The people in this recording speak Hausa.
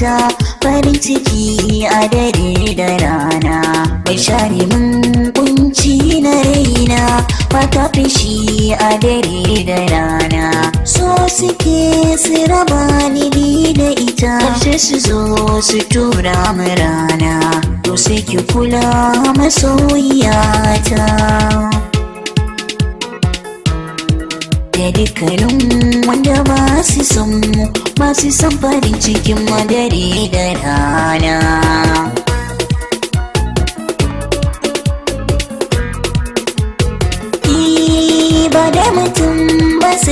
ta farin ciki a dare da rana mai share mun kunci na raina fata fishi a dare da rana so suke su raba ni da ita ƙarshe su zo su tura mu rana to sai ki kula masoyiyata da dukkanin masu san mu masu san farin cikin madare da rana